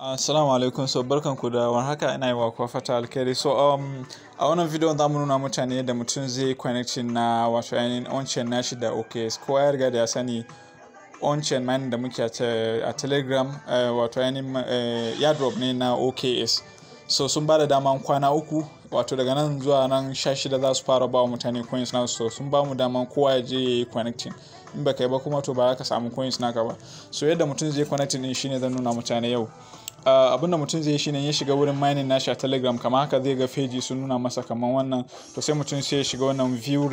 Assalamu alaikum so ku da haka ina yi wa kuwa fata alkhairi so um, a wannan video za mu nuna mutane da mutum zai connecting na wato ainihin onchain nashi da OKS kowa ya riga da ya sani onchain man da muke a telegram uh, wato ainihin uh, airdrop ne na OKS so sun ba da dama kwana uku wato daga nan zuwa nan sha shida za su fara ba wa mutane coins na so sun ba mu dama kowa ya je ya yi connecting in ba kai ba kuma to ba za ka samu coins naka ba so yadda mutum zai connecting din shine zan nuna mutane yau Ah, abinda mutum zai yi ne ya shiga wurin mining nashi a telegram kama haka zai ga feji su nuna masa kaman wannan to sai mutum sai ya shiga wannan view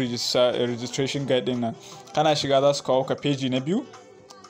registration guide din nan kana shiga za su kawo ka feji na biyu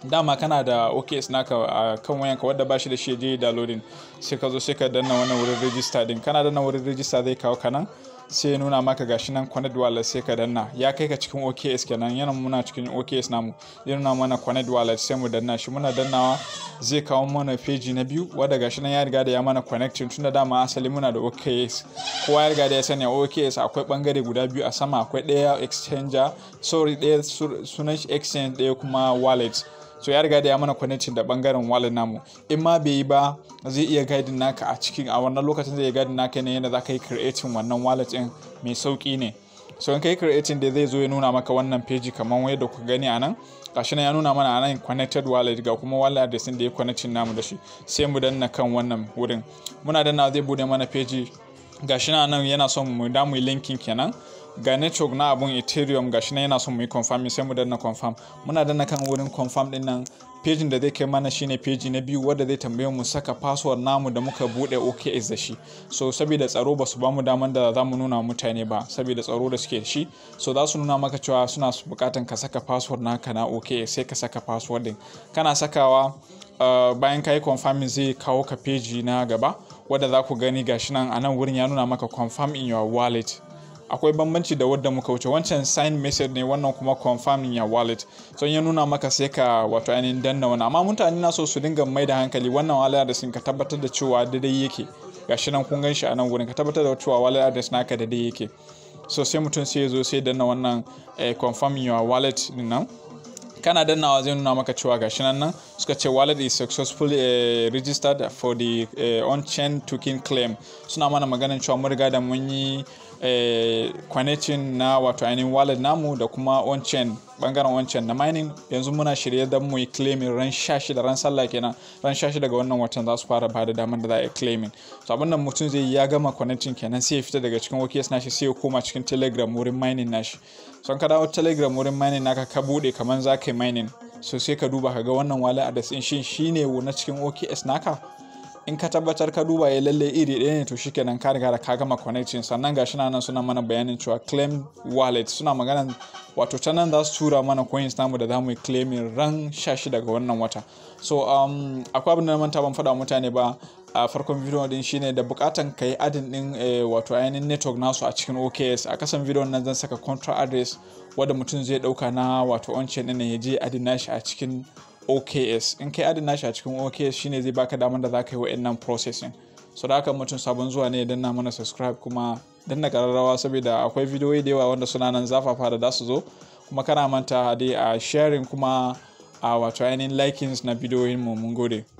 dama kana da OKS naka a kan wayanka wadda ba shi da shi je downloading sai ka zo sai ka danna wannan wurin register din kana danna wurin register zai kawo ka nan sai ya nuna maka gashi nan connect wallet sai ka danna ya kai ka cikin OKS kenan yana muna cikin OKS namu ya nuna mana connect wallet sai mu danna shi muna dannawa zai kawo mana page na biyu wadda gashi nan ya riga da ya mana connecting tunda dama asali muna da OKS kowa ya riga da ya sani OKS akwai bangare guda biyu a sama akwai daya exchanger sorry daya sunan exchange daya kuma wallet so ya riga da ya mana connection da bangaren wallet namu in ma bai yi ba zai iya guiding naka a cikin a wannan lokacin zai iya guiding naka ne yadda za ka yi creating wannan wallet din mai sauki ne so in ka yi creating da zai zo ya nuna maka wannan page kamar yadda ku gani a nan gashi ya nuna mana a nan connected wallet ga kuma wallet adresin da ya kwanacin namu da shi sai mu danna kan wannan wurin muna danna zai bude mana page gashi nan yana son mu da mu linkin kenan ga network na abun ethereum gashi na yana son mu yi confirming sai mu danna confirm muna danna kan wurin confirm din nan pejin da zai kai mana shine peji na biyu wadda zai tambaye mu saka password namu da muka bude OKX da shi so saboda tsaro ba su ba mu daman da za mu nuna mutane ba saboda tsaro da suke shi so za su nuna maka cewa suna bukatan ka saka password naka na OKX sai ka saka password din kana sakawa eh, bayan ka yi confirming zai kawo ka peji na gaba wadda za ku gani gashi nan a nan wurin ya nuna maka confirm in your wallet akwai bambanci da wadda muka wuce wancan sign message ne wannan kuma confirming your wallet so ya nuna maka sai ka wato ainihin danna wani amma mutane na so su dinga mai da hankali wannan wallet address ka tabbatar da cewa daidai yake gashi nan kun gan shi a nan gurin ka tabbatar da cewa wallet address naka daidai yake so sai mutum sai ya zo sai danna wannan eh, confirm your wallet din nan kana dannawa zai nuna maka cewa gashi nan nan suka ce wallet is successfully eh, registered for the eh, on-chain token claim suna mana maganin cewa mun riga da mun yi kwanecin eh, na wato ainihin wallet namu da kuma wancan bangaren wancan na mining yanzu muna shirye don mu yi claiming ran shashi da ran sallah kenan ran shashi daga wannan watan za su fara bada damar da za a yi claiming so abin nan mutum zai ya gama kwanecin kenan sai ya fita daga cikin OKS nashi sai ya koma cikin telegram wurin mining nashi son ka dawo telegram wurin mining naka ka bude kamar za ka yi mining so sai ka duba ka ga wannan wallet address din shin shine na cikin OKS naka in ka tabbatar ka duba ya eh, lalle iri ɗaya ne to shi kenan ka riga da ka gama connecting sannan ga shi nan suna mana bayanin cewa claim wallet suna magana wato ta nan za su tura mana coins namu da za mu yi claiming ran 16 daga wannan wata so um, akwai abin da na manta ban faɗa mutane ba a farkon video din shine da bukatan kai adin din eh, wato ainihin network nasu a cikin OKS a kasan video nan zan saka contract address wadda mutum zai dauka na wato on-chain din ya je adin nashi a cikin OKS in kai adana shi a cikin OKS shine zai baka damar da zaka yi wa'annan processing so da haka mutum sabon zuwa ne danna mana subscribe kuma danna kararrawa saboda akwai bidiyoyi da yawa wanda suna nan zafafa da su zo kuma kana manta dai a sharing kuma a wato ainihin likings na bidiyoyin mu mun gode